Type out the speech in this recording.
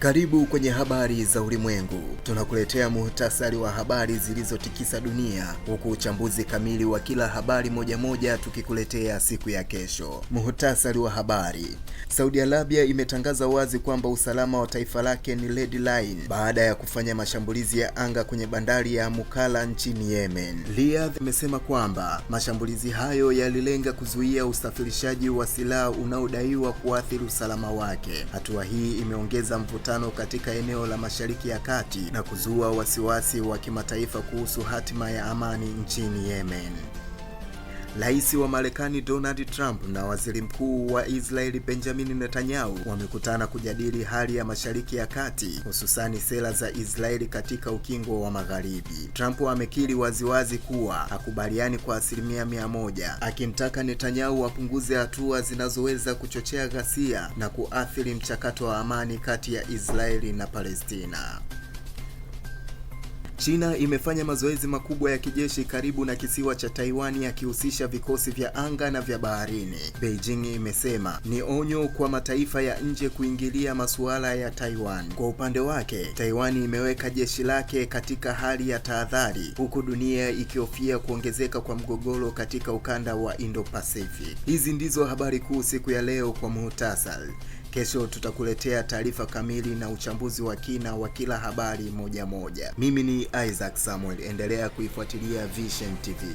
Karibu kwenye habari za ulimwengu. Tunakuletea muhtasari wa habari zilizotikisa dunia, huku uchambuzi kamili wa kila habari moja moja tukikuletea siku ya kesho. Muhtasari wa habari. Saudi Arabia imetangaza wazi kwamba usalama wa taifa lake ni red line baada ya kufanya mashambulizi ya anga kwenye bandari ya Mukalla nchini Yemen. Riyadh imesema kwamba mashambulizi hayo yalilenga kuzuia usafirishaji wa silaha unaodaiwa kuathiri usalama wake. Hatua hii imeongeza mvuta mapatano katika eneo la Mashariki ya Kati na kuzua wasiwasi wa kimataifa kuhusu hatima ya amani nchini Yemen. Rais wa Marekani Donald Trump na Waziri Mkuu wa Israeli Benjamin Netanyahu wamekutana kujadili hali ya Mashariki ya Kati, hususani sera za Israeli katika ukingo wa Magharibi. Trump amekiri waziwazi kuwa hakubaliani kwa asilimia mia moja, akimtaka Netanyahu apunguze hatua zinazoweza kuchochea ghasia na kuathiri mchakato wa amani kati ya Israeli na Palestina. China imefanya mazoezi makubwa ya kijeshi karibu na kisiwa cha Taiwan yakihusisha vikosi vya anga na vya baharini. Beijing imesema ni onyo kwa mataifa ya nje kuingilia masuala ya Taiwan. Kwa upande wake, Taiwan imeweka jeshi lake katika hali ya tahadhari huku dunia ikihofia kuongezeka kwa mgogoro katika ukanda wa Indo-Pacific. Hizi ndizo habari kuu siku ya leo kwa muhtasari. Kesho tutakuletea taarifa kamili na uchambuzi wa kina wa kila habari moja moja. Mimi ni Isaac Samuel, endelea kuifuatilia Vision TV.